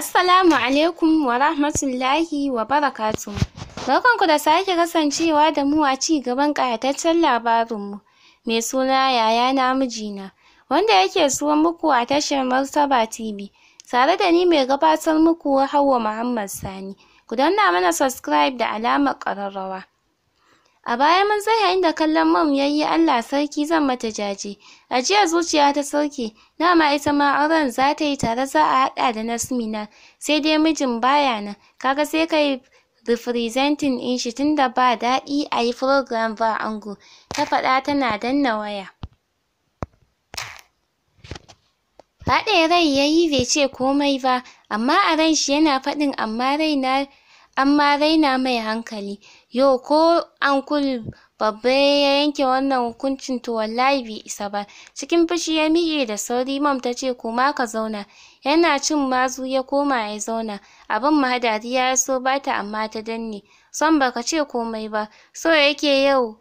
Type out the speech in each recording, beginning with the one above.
Assalamu alaikum wa rahmatullahi wa Barkan ku da sake kasancewa da mu a ci gaban ƙayataccen labarinmu mai suna yaya na mijina wanda yake zuwa muku a tashar Martaba TV tare da ni mai gabatar muku Hauwa Muhammad Sani. Ku danna mana subscribe da alamar ƙararrawa A baya mun tsaya da kallon mom yayi Allah sarki zan mata jaje. a jiya zuciya ta sauke, ma ita ma auren za ta yi tare za a haɗa da Nasmina, sai dai mijin baya nan, kaga sai ka yi representing ɗin shi tunda ba daɗi a yi program ba ango, ta faɗa tana danna waya. Haɗe rai yayi bai ce komai ba, amma a ran shi yana faɗin amma rai na amma raina mai hankali yo ko ankul babba ya yanke wannan hukuncin to wallahi bai isa ba cikin fushi ya miƙe da sauri mom ta ce koma ka zauna yana cin mazu ya koma ya zauna abin mahadariya ya so bata amma ta danne son baka ce komai ba so yake yau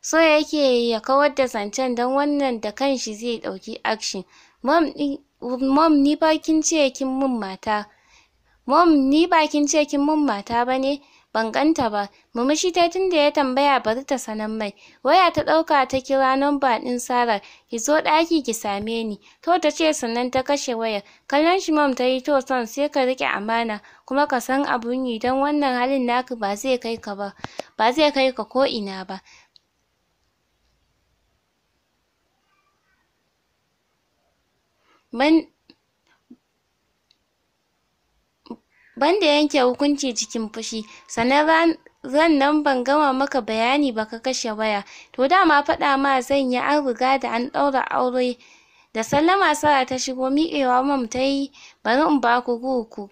so yake ya kawar da zancen don wannan da kanshi zai ɗauki action mom ni fa kin ce kin min mata Mom, ni ba kin ce kin mun mata ba ne? Ban ganta ba. mamashi ta tunda ya tambaya bari ta sanan mai. Waya ta ɗauka ta kira namba ɗin Sarah. Ki zo ɗaki ki same ni. To ta ce sannan ta kashe waya. Kallon shi mom ta yi to son sai ka rike amana kuma ka san abun yi don wannan halin naka ba zai kai ka ba. Ba zai kai ka ko ina ba. Ban banda yanke hukunci cikin fushi sannan ran ran nan ban gama maka bayani ba ka kashe waya to dama faɗa ma zan yi an riga da an ɗaura aure da sallama sara ta shigo miƙewa mam ta yi bari in ba ku ku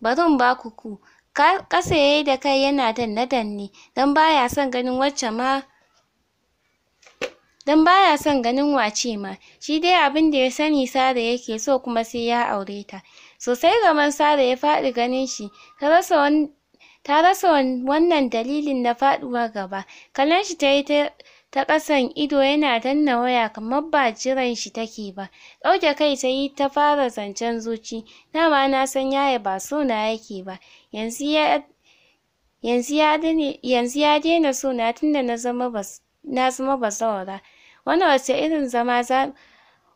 bari in ba ku ku ƙasa ya da kai yana danne danne don baya son ganin wacce ma don baya son ganin wace ma shi dai abin da ya sani Sara yake so kuma sai ya aure ta sosai ga Mansa da ya faɗi ganin shi ta rasa wani ta rasa wannan dalilin na faɗuwar gaba kallon shi tayi ta ta ƙasan ido yana danna waya kamar ba jiran shi take ba ɗauke kai yi ta fara zancen zuci dama na san yaya ba sona yake ba yanzu ya yanzu ya daina yanzu ya so sona tunda na zama bas na zama wannan wace irin zama za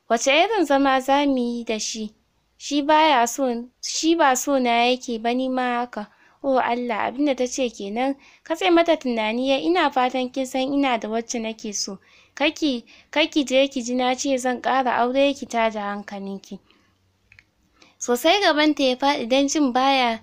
wace irin zama za mu yi da shi shi baya so shi ba so na yake ba ni ma haka oh Allah abinda tace kenan ka katse mata tunani ya ina fatan kin san ina da wacce nake so kaki kaki je ki ji na ce zan ƙara aure ki ta da hankalinki sosai gabanta ya faɗi don jin baya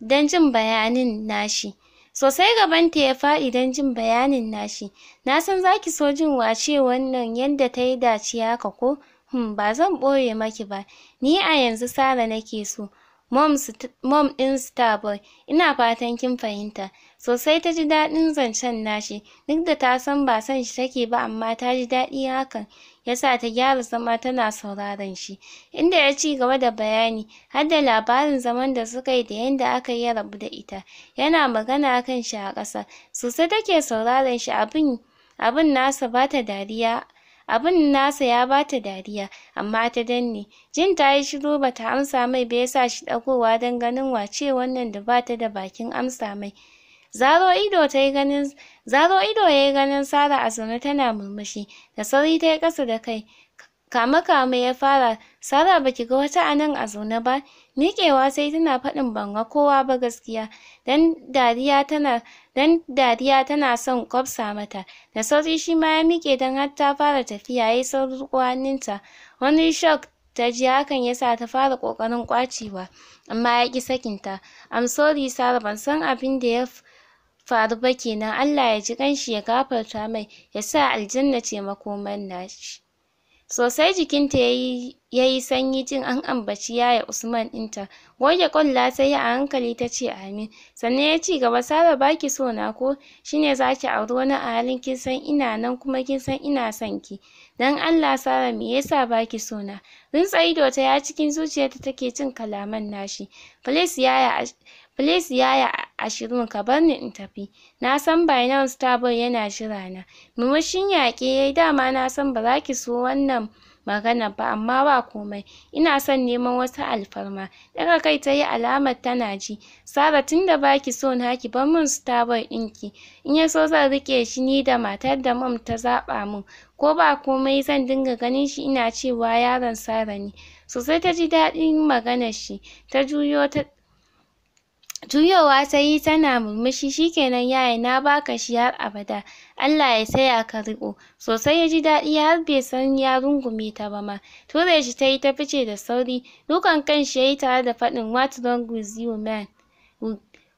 don jin bayanin nashi sosai ta ya faɗi don jin bayanin nashi na san zaki so jin wace wannan yadda ta yi dace haka ko Hmm, ba zan ɓoye maki ba, ni a yanzu Sara nake so, mom ɗin Starboy, ina fatan kin fahimta. Sosai ta ji daɗin zancen nashi, duk da ta san ba son shi take ba amma ta ji daɗi hakan, yasa ta gyara zama tana sauraron shi. Inda ya ci gaba da bayani, har da labarin zaman da suka yi da yadda aka yi rabu da ita, yana magana kan shi a ƙasa. Sosai take sauraron shi abin abin nasa ta dariya abun nasa ya bata dariya amma ta danne jin ta yi shiru bata amsa mai ba yasa shi ɗagowa don ganin wace wannan da bata da bakin amsa mai zaro ido tayi ganin zaro ido yayi ganin Sara a zaune tana murmushi da sauri ta tayi kasa da kai kame kame ya fara Sara baki ga wata anan a zaune ba miƙewa sai tana faɗin ban kowa ba gaskiya dan dariya tana dan dariya tana son kwabsa mata da sauri shi ma ya miƙe don har ta fara tafiya yayi saurin riƙo wani shock ta ji hakan yasa ta fara ƙoƙarin ƙwacewa amma ya ƙi sakinta I'm sorry Sarah ban san abin da ya faru ba kenan Allah ya ji ƙanshi ya gafarta mai ya sa aljanna ce makoman nashi Sosai jikinta ya yi sanyi jin an ambaci yaya Usman ɗinta. Goge ƙwalla ta yi a hankali ta ce amin. Sannan ya ci gaba, Sara baki sona,' so na ko? shine zaki auri wani a halin kin san ina nan kuma kin san ina son ki. Don Allah Sara me yasa baki so na? Rintsa ido ya cikin zuciyarta take cin kalaman nashi. Please yaya Please yaya ashirin ka barni in tafi. Na san Binance now yana jira na. Murmushin yaƙe yayi dama na san ba za ki so wannan magana ba amma ba komai. Ina son neman wata alfarma. Ɗaga kai ta yi alamar tana ji. Sara tunda ki so na ki bar min Starboy ɗin ki. In ya so zan riƙe shi ni da matar da mum ta zaɓa min. Ko ba komai zan dinga ganin shi ina cewa yaron Sara ne. Sosai ta ji daɗin maganar shi. Ta juyo ta Juyowa ta tana murmushi shikenan yaya na baka shi har abada Allah ya saya ka riƙo. Sosai ya ji daɗi har bai san ya rungume ta ba ma. Ture shi ta yi ta fice da sauri dukan kanshi ya yi tare da faɗin what wrong with you man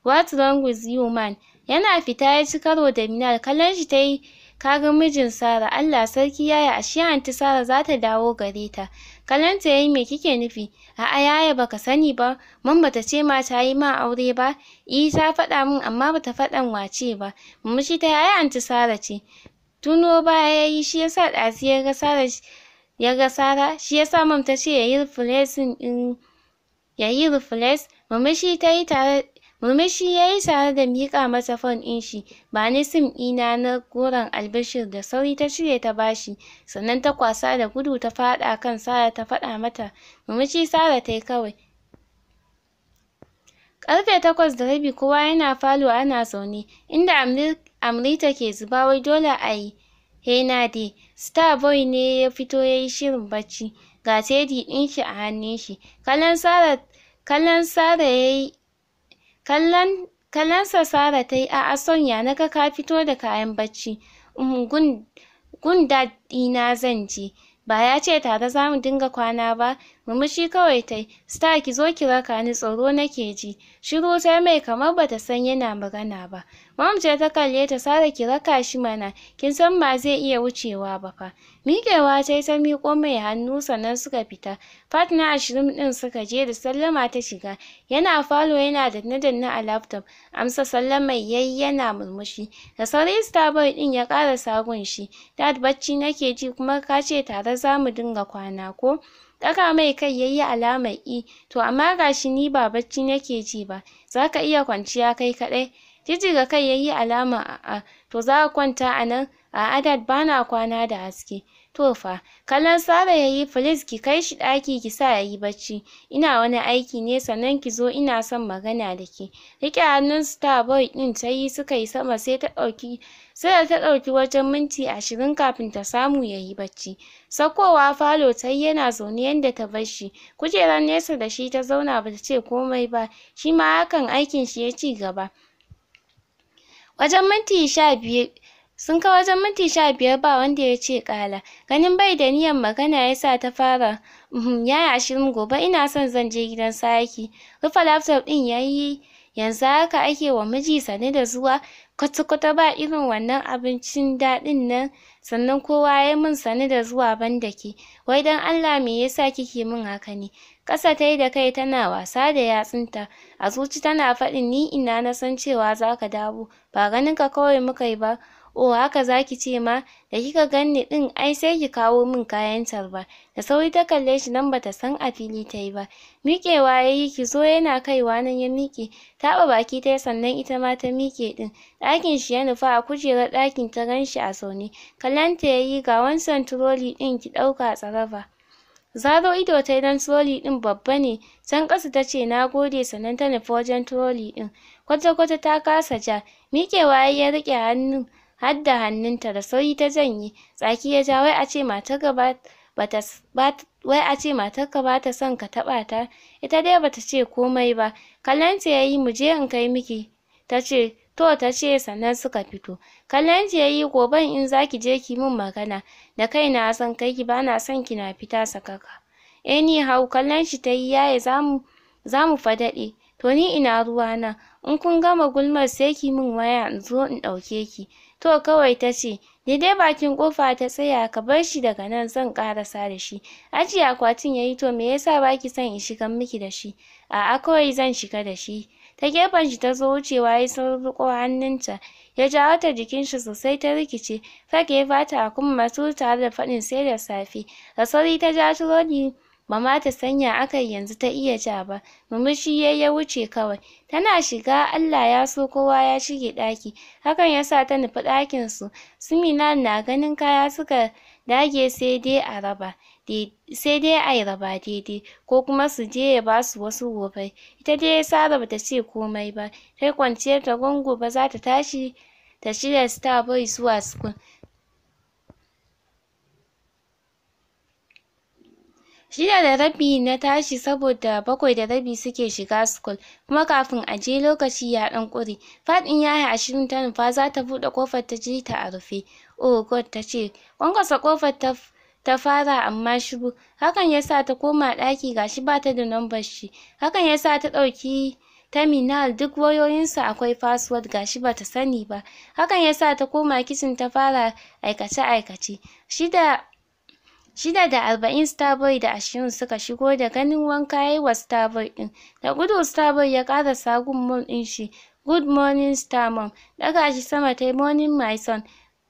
what wrong with you man yana fita ya ci karo da Minal kallon shi ta yi ka mijin Sara Allah sarki yaya ashe anti Sara za ta dawo gare ta ta yayi me kike nufi a'a yaya baka sani ba mun bata ce ma ta yi ma aure ba i eh, ta faɗa min amma bata faɗan wace ba shi ta yaya anti Sara ce tuno ya yayi shi yasa ɗazu ya ga Sara ya ga Sara shi yasa mam ta ce yayi replacing ɗin yayi shi ta yi tare Murmushi yayi tare da miƙa masa fon ɗin shi, ba ni sim ɗina na goron albishir da sauri ta cire ta bashi, sannan ta kwasa da gudu ta faɗa kan Sara ta faɗa mata, murmushi Sara tayi kawai. Ƙarfe takwas da rabi kowa yana falo ana zaune, inda Amrita ke zuba wai dole a yi hena dai, Starboy ne ya fito yayi shirin bacci, ga teddy ɗin shi a hannun shi, kallon Sara kallon Sara ya Kallon kallonsa Sara ta yi. A'a sonya na ga ka fito da kayan bacci. Um gun gun dad ɗina zan je. Ba ya ce tare za mu dinga kwana ba? murmushi kawai tayi star ki zo ki raka ni tsoro nake ji shiru ta mai kamar bata san yana magana ba mom ce ta kalle ta sara ki raka shi mana kin san ba zai iya wucewa ba fa miƙewa tai ta miƙo mai hannu sannan suka fita fat na ashirin ɗin suka je da sallama ta shiga yana falo yana danne danne a laptop amsa mai yayi yana murmushi da sauri star boy ɗin ya ƙara sagun shi dad bacci nake ji kuma kace tare za mu dinga kwana ko ɗaga mai kai yayi alamar i e. to amma gashi ni ba bacci nake ji ba zaka iya kwanciya kai kaɗai Jijjiga kai yayi alama a'a to zaka kwanta a nan. A'a dad bana kwana da haske. To fa kallon Sara yayi please ki kai shi ɗaki ki sa yayi bacci ina wani aiki ne sannan ki zo ina son magana da ke. Riƙe hannun boy ɗin tayi suka yi sama sai ta ɗauki sai ta ɗauki wajen minti ashirin kafin ta samu yayi bacci. Saukowa falo tayi yana zaune yanda ta bar shi kujerar nesa da shi ta zauna bata ce komai ba shima hakan aikin shi ya ci gaba. wajen minti sha biyar sun kai wajen minti sha biyar ba wanda ya ce ƙala ganin bai da niyyar magana ya sa ta fara uhum yaya shirin gobe ina son zan je gidan saki rufe laptop ɗin ya yi yanzu haka ake wa miji sane da zuwa kwata-kwata ba irin wannan abincin daɗin nan sannan kowa ya yi min sane da zuwa banda ke wai don Allah me yasa kike min haka ne Ƙasa ta yi da kai tana wasa da yatsunta. A zuci tana faɗin ni ina na san cewa za ka dawo. Ba ganin ka kawai muka yi ba. O oh, haka za ki ce ma, da kika ganni ɗin ai sai ki kawo min kayan tarba. Da sauri ta kalle shi nan bata san a fili ta yi ba. Miƙewa ya yi ki zo yana kaiwa nan ya miƙe. Taɓa baki ta yi sannan ita ma ta mike ɗin. Ɗakin shi ya nufa a kujerar ɗakin ta gan shi a zaune. Kallonta ya yi ga wancan turoli ɗin ki ɗauka tsaraba. Zaro ido ta yi don troli ɗin babba ne. Can ƙasa ta ce na gode sannan ta nufi wajen troli ɗin. Kwata-kwata ta kasa ja. Miƙewa ya rike hannun har da hannunta da sauri ta janye. Tsaki ya ja wai a ce matar gaba bata wai a ce matarka ba ta son ka taɓa ta. Ita dai bata ce komai ba. Kalanta ya yi mu je in kai miki. Ta ce to ta ce sannan suka fito kallon ya yayi gobe in zaki je ki min magana da kai na san kai ki bana son kina fita sakaka hau kallon shi tayi yaya zamu zamu mu to ni ina ruwa na in kun gama gulmar sai ki min waya in zo in ɗauke ki to kawai ta ce daidai bakin ƙofa ta tsaya ka bar shi daga nan zan ƙarasa da shi ajiye akwatin yayi to me yasa baki son in shiga miki da shi a'a kawai zan shiga da shi ta gefen shi ta zo wucewa ya sarƙo hannunta ya jawo ta jikin shi sosai ta rikice fage ya fata a kuma masu tare da faɗin sai da safe da sauri ta ja turoni ba ma ta sanya aka yanzu ta iya ja ba murmushi ya ya wuce kawai tana shiga Allah ya so kowa ya shige ɗaki hakan ya sa ta nufi ɗakin su su na ganin kaya suka dage sai dai a raba sai dai a yi raba daidai ko kuma su je ya su wasu gobe ita dai Sara bata ce komai ba sai kwanciyar ta ba gobe zata tashi ta shirya boy zuwa school shida da rabi na tashi saboda bakwai da rabi suke shiga school kuma kafin a je lokaci ya ɗan ƙure faɗin yi ashirin ta nufa zata buɗe ƙofar ta ji ta a rufe oh god ta ce ƙwanƙwasa ƙofar ta ta fara amma shiru hakan yasa ta koma ɗaki gashi bata da number shi hakan yasa ta ɗauki terminal duk wayoyinsa akwai password gashi bata sani ba hakan yasa ta koma kitchen ta fara aikace aikace shida da arba'in starboy da ashirin suka shigo da ganin wanka yayi wa starboy ɗin da gudu starboy ya ƙarasa gun mall ɗin shi good morning star mom ɗaga shi sama tayi morning my son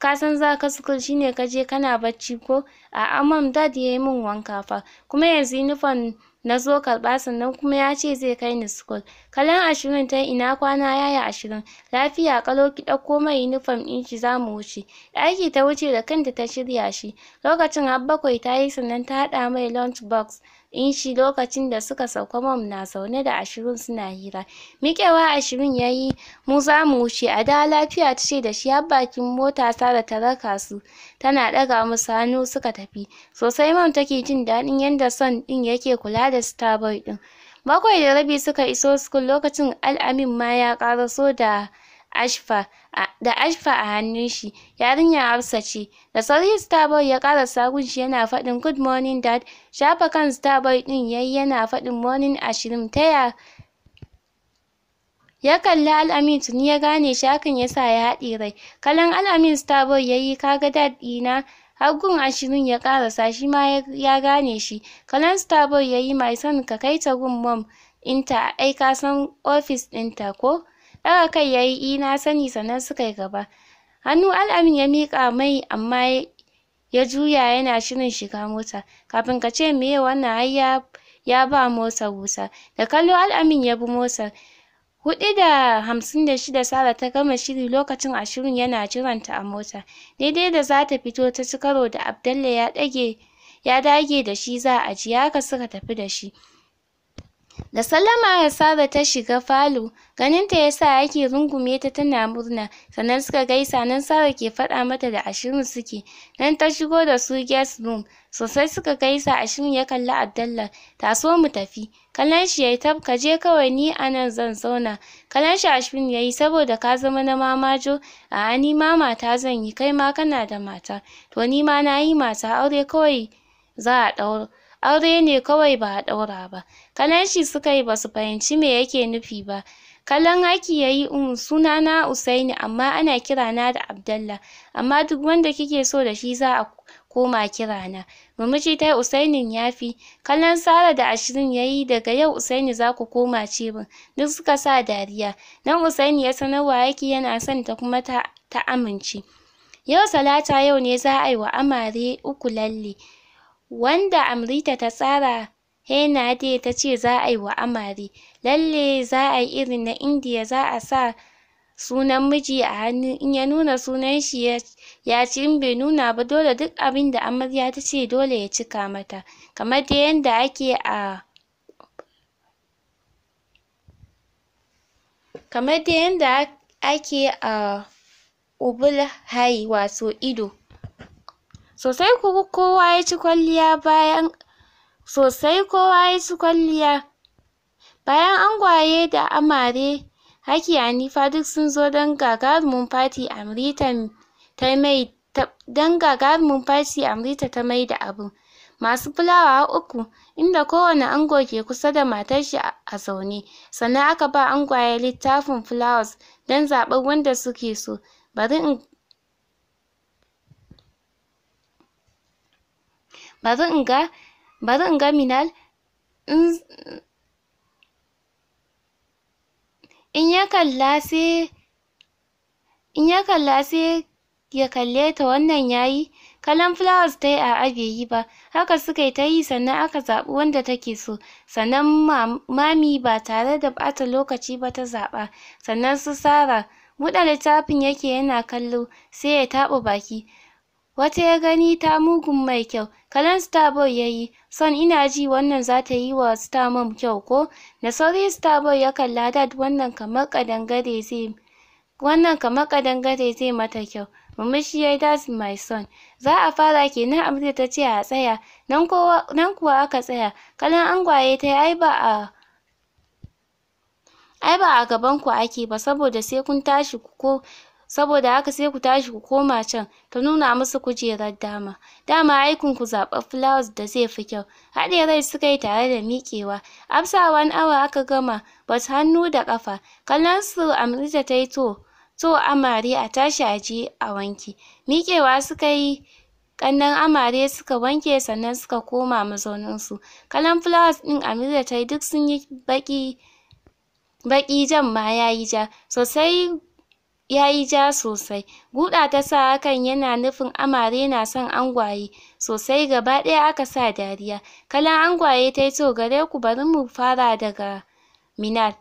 ka san za ka shi shine ka je kana bacci ko a'a amam dad ya yi min wanka fa kuma yanzu uniform na zo karɓa sannan kuma ya ce zai kai ni sukul Kalan ashirin ta ina kwana yaya ashirin lafiya kalo ki ɗauko mai uniform ɗin ki za mu wuce ɗaki ta wuce da kanta ta shirya shi lokacin har bakwai ta yi sannan ta haɗa mai lunch box In shi lokacin da suka sauka mom na zaune da ashirin suna hira miƙewa ashirin ya yi mu za mu wuce a da lafiya ta ce da shi har bakin mota da ta raka su tana ɗaga musu hannu suka tafi sosai mom take jin daɗin yadda son ɗin yake kula da starboy ɗin bakwai da rabi suka iso school lokacin al'amin ma ya ƙaraso da da ashfa a hannun shi yarinyar Hafsa ce da sauri Starboy ya ƙara sagun shi yana faɗin good morning dad shafa kan Starboy ɗin yayi yana faɗin morning ashirin taya ya kalli al'amin tuni ya gane shi hakan yasa ya haɗe rai kallon al'amin starboy yayi kaga dad ɗina hagun ashirin ya ƙarasa shi ma ya gane shi kallon starboy yayi mai son ka kai ta gun mom ɗinta ai ka san ofis ɗinta ko Daga kai yayi i na sani sannan suka yi gaba hannu al'amin ya miƙa mai amma ya juya yana shirin shiga mota kafin ka ce meye wannan har ya ya ba motar wuta da kallo al'amin ya bi motar huɗu da hamsin da shida Sara ta gama shiri lokacin ashirin yana jiranta a mota daidai da za ta fito ta ci karo da Abdallah ya ɗage ya dage da shi za a ji haka suka tafi da shi Da sallama Sara ta shiga falo, ganinta ya sa ake rungume ta tana murna, sannan suka gaisa nan Sara ke faɗa mata da Ashirin suke, nan ta shigo da su guest room, sosai suka gaisa Ashirin ya kalli Abdallah, so mu tafi, kallon shi yayi tab ka je kawai ni a nan zan zauna, kallon shi Ashirin yayi saboda ka zama na mamajo, a'a ni ma mata zan yi, kai ma kana da mata, to ni ma na yi mata aure kawai za a ɗaura. aure ne kawai ba a ɗaura ba kalan shi suka yi basu fahimci me yake nufi ba kallon haki yayi um mm, na Usaini amma ana kira na da Abdallah amma duk wanda kike so da shi za a koma kirana ta yi Usainin yafi kallon Sara da Ashirin yayi daga yau Usaini za ku koma cebin duk suka sa dariya nan Usaini ya sanarwa aiki yana son ta kuma ta ta amince yau Talata yau ne za a yi wa amare uku lalle wanda Amrita ta tsara henade dai ta ce za a yi wa amare lalle za a yi irin na Indiya za a sa sunan miji a hannu in ya nuna sunan shi ya ya ci in bai nuna ba dole duk abin da amarya ta ce dole ya cika mata kamar dai yanda ake a kamar dai yanda ake a ubul hai wato ido sosai kuwa kowa ya ci kwalliya bayan sosai kowa ya ci kwalliya bayan angwaye da amare haki Hanifa duk sun zo don gagarumin fati Amrita ta mai don gagarumin fati Amrita ta mai da abu. masu fulawa uku inda kowane ango ke kusa da matar shi a zaune sannan aka ba angwaye littafin fulawas don zaɓar wanda suke so bari bari in ga bari in ga Minal in in ya kalla sai in ya kalla sai ya kalle ta wannan yayi kalan flowers tayi a bai yi ba haka suka yi ta yi sannan aka zaɓi wanda take so sannan mami ba tare da ɓata lokaci ba ta zaɓa sannan su sara buɗe littafin yake yana kallo sai ya taɓa baki wata ya gani ta mugun mai kyau kalan starboy yi. son ina ji wannan za ta yi wa starmom kyau ko da sauri starboy ya kalla dad wannan kamar kadangare zai wannan kamar kadangare zai mata kyau murmushi yi Dad my son za a fara kenan amrita ta ce a tsaya nan kuwa aka tsaya Kalan angwaye ta ai ba a ai ba a gabanku ake ba saboda sai kun tashi ko saboda haka sai ku tashi ku koma can ta nuna musu kujerar dama dama aikin ku zaɓa flowers da zai fi kyau haɗe rai suka yi tare da miƙewa after one hour aka gama but hannu da ƙafa kallon su amrita ta yi to to amare a tashi a je a wanke miƙewa suka yi kannan amare suka wanke sannan suka koma mazauninsu kalan flowers ɗin amrita ta yi duk sun yi baƙi baƙi jan ma ya yi ja sosai Ya yi ja sosai guda sa hakan yana nufin amare na son angwaye sosai gaba ɗaya aka sa dariya Kalan angwaye ta yi to gare ku bari mu fara daga Minal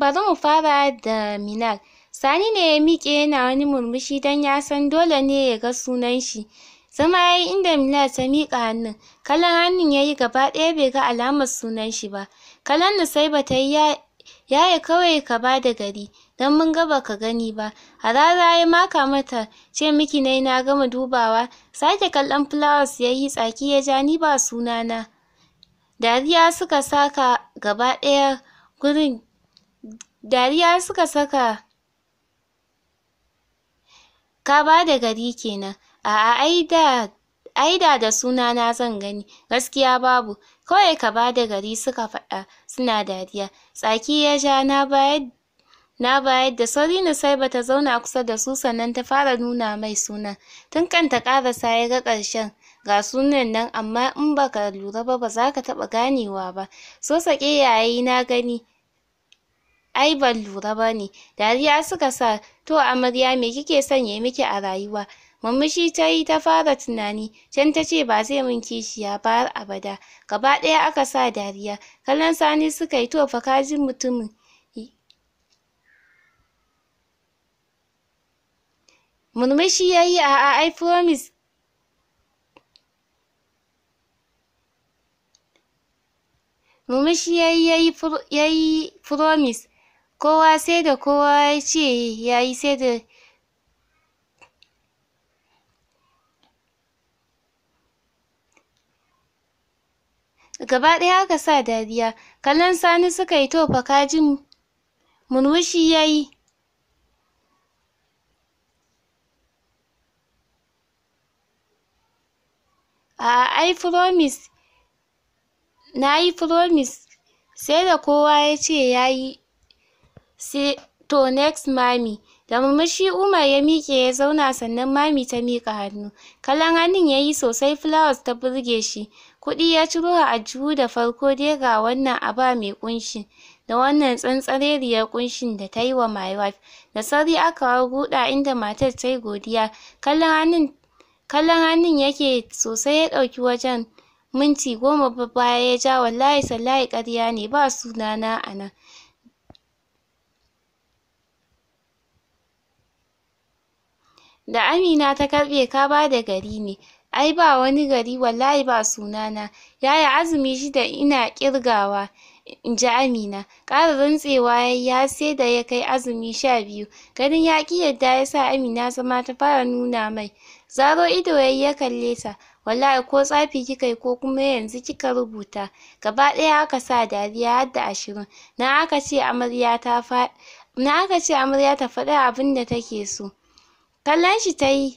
bari mu fara da Minal Sani ne ya miƙe yana wani murmushi don ya san dole ne ya ga sunan shi. Zama ya yi inda Milad ta miƙa hannun, Kalan hannun ya yi gaba ɗaya bai ga alamar sunan shi ba. Kallon Nusaiba ta yi ya yi kawai ka ba da gari, don mun ga ba ka gani ba. Harara ya maka mata, ce miki na na gama dubawa, sake kallon fulawas ya yi tsaki ya ja ni ba sunana. Dariya suka saka gaba ɗaya gurin, dariya suka saka ka bada gari kenan a'a ai da ai da da sunana zan gani gaskiya babu kawai ka bada gari suka faɗa suna dariya tsaki ya ja na bayar na bayar da sauri Nusaiba ta zauna kusa da su sannan ta fara nuna mai suna. tun kan ta ƙarasa ya ga ƙarshen ga sunan nan amma in baka lura ba ba za ka taɓa ganewa ba so sake yayi na gani ai ban lura ba ne. dariya suka sa to amarya me kike son ya miki a rayuwa murmushi ta yi ta fara tunani can ta ce ba zai min kishiya ba har abada gaba ɗaya aka sa dariya kallon sani suka yi to fa ka ji mutumin murmushi ya yi a'a i promise murmushi ya yi promise kowa sai da kowa ya ce ya yi sai da gaba ɗaya aka sa dariya kallon sani suka yi to fa kajin murmushi ya yi a'a ai promise na yi promise sai da kowa ya ce ya yi sai to next mami da murmushi Umar ya miƙe ya zauna sannan mami ta miƙa hannu kalan hannun yayi sosai flowers ta burge shi kuɗi ya ciro a juhu da farko dai ga wannan aba mai ƙunshi da wannan tsantsareriyar ƙunshin da ta yi wa my wife da sauri aka warguɗa inda matar ta yi godiya kalan hannun hannun yake sosai ya ɗauki wajen minti goma baya ya ja wallahi sallahi ƙarya ne ba na a nan Da Amina ta karɓe ka da gari ne, ai ba wani gari wallahi ba sunana, yaya azumi shida ina ƙirgawa ji Amina, ƙara rantsewa yayi har sai da ya kai azumi sha biyu, ganin ya ƙi yadda sa Amina zama ta fara nuna mai, zaro ido yayi ya kalle ta, wallahi ko tsafi kika yi ko kuma yanzu kika rubuta, gaba ɗaya aka sa dariya har da ashirin, na aka ce amarya ta fa na aka ce amarya ta faɗi abinda take so. kallon shi ta yi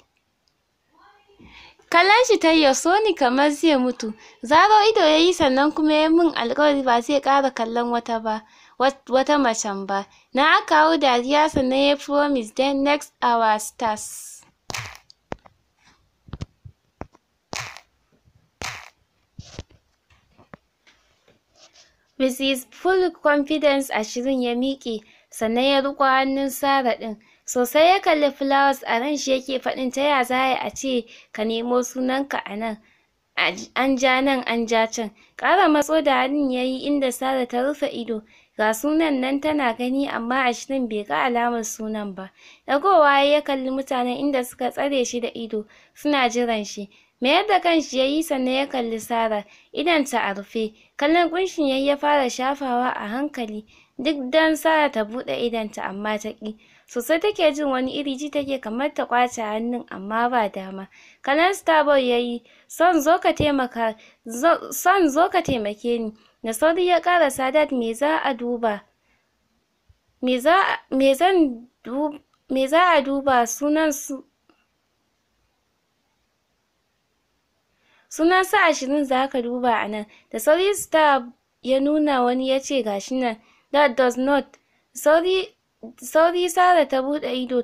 kallon shi ta ya so ni kamar zai mutu zaro ido ya yi sannan kuma ya min alkawari ba zai ƙara kallon wata ba wata macen ba na kawo dariya sannan ya promise then next hour stars Mrs. Full Confidence ashirin ya miƙe sannan ya riƙo hannun Sara ɗin sosai ya kalli flowers a ran shi yake faɗin ta ya za a ce ka nemo sunanka a nan an ja nan an ja can ƙara matso da hannun ya yi inda Sara ta rufe ido ga sunan nan tana gani amma a shirin bai ga alamar sunan ba ɗagowa ya kalli mutanen inda suka tsare shi da ido suna jiran shi mayar da kanshi ya yi sannan ya kalli Sara idonta a rufe kallon ƙunshin ya ya fara shafawa a hankali duk don Sara ta buɗe idonta amma ta ƙi Sosai take jin wani iri ji take kamar ta kwace hannun amma ba dama. Kanan Starboy ya son zo ka taimake ni. Da sauri ya kara Sadat me za a duba? Me za, a duba sunan su? Sunan su ashirin za ka duba a nan. Da sauri Star ya nuna wani ya ce gashi nan. That does not. Sauri sauri Sara ta buɗe ido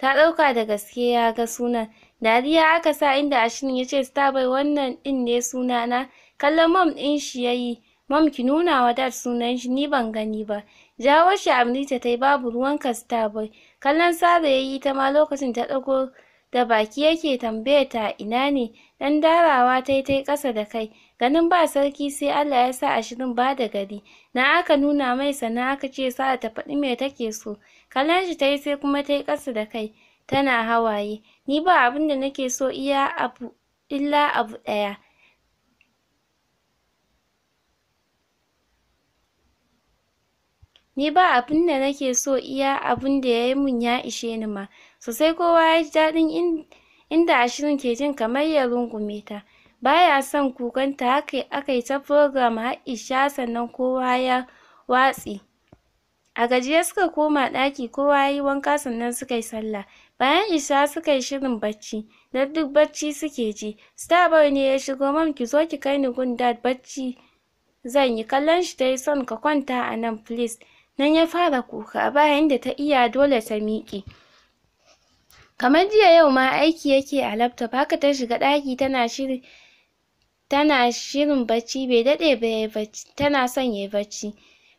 ta ɗauka da gaske ya ga sunan. Dariya aka sa inda Ashin ya ce star wannan ɗin ne sunana. Kallon mom ɗin shi ya yi. Mom ki nuna wa dad sunan shi ni ban gani ba. Jawo shi Amrita ta yi babu ruwanka ta bai. Kallon Sara ya yi ta ma lokacin ta ɗago da baki yake tambaye ta ina ne. Dan darawa ta yi ta yi ƙasa da kai. ganin ba sarki sai Allah ya sa ashirin ba da gari na aka nuna mai sannan aka ce sa ta faɗi me take so kallon shi tayi sai kuma tayi ƙasa da kai tana hawaye ni ba abin da nake so iya abu illa abu ɗaya ni ba da nake so iya ya yayi mun ya ishe ni ma sosai kowa ya ji daɗin inda ashirin ke jin kamar ya rungume ta baya son kukanta haka akai ta program har isha sannan kowa ya watsi. a gajiya suka koma ɗaki kowa yayi wanka sannan suka yi sallah bayan isha suka yi shirin bacci don duk bacci suke ji starboy ne ya shigo mam ki zo ki kai ni gun dad Zan yi kallon shi tayi son ka kwanta a nan please nan ya fara kuka bayan da ta iya dole ta miƙe kamar jiya yau ma aiki yake a laptop haka ta shiga ɗaki tana shiri tana shirin bacci bai daɗe ba yayi bacci tana son yayi bacci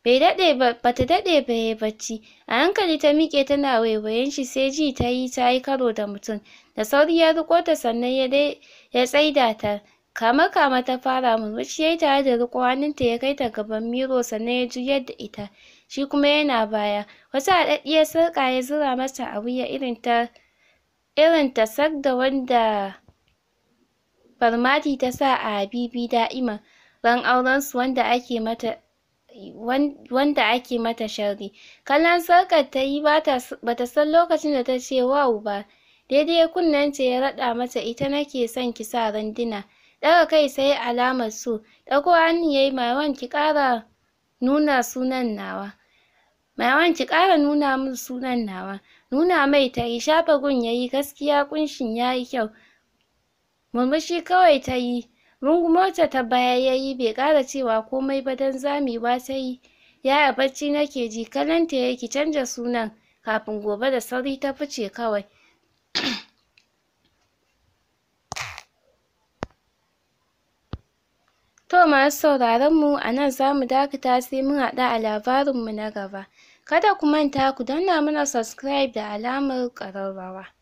bai daɗe ba bata daɗe ba yayi bacci a hankali ta miƙe tana waiwayen shi sai ji tayi tayi karo da mutum da sauri ya riƙo ta sannan ya dai ya tsaida ta kama kama ta fara murmushi yayi tare da riƙo hannunta ya kai ta gaban miro sannan ya juyar da ita shi kuma yana baya wata haɗaɗɗiyar sarƙa ya zura mata a wuya irin ta irin ta sak da wanda farmati ta sa a Habibi da'ima ran aurensu wanda ake mata wanda ake mata sharri. Kallon sarkar ta yi ba ta san lokacin da ta ce wow ba. Daidai kunnen ce ya raɗa mata ita nake son ki sa randuna. daga kai sai alamar so. dago hannu ya yi ki ƙara nuna sunan nawa. ki ƙara nuna min sunan nawa. Nuna mai ta yi shafa gun ya yi gaskiya kunshin ya yi kyau. Murmushi kawai ta yi, rungumarta ta baya ya yi bai ƙara cewa komai ba don zamewa ta yi. Yaya bacci nake ji, kalanta ya ki canja sunan kafin gobe da sauri ta fice kawai. To masu sauraron mu a nan za mu dakata sai mun haɗa a labarinmu na gaba. Kada ku manta ku danna mana subscribe da alamar ƙararrawa.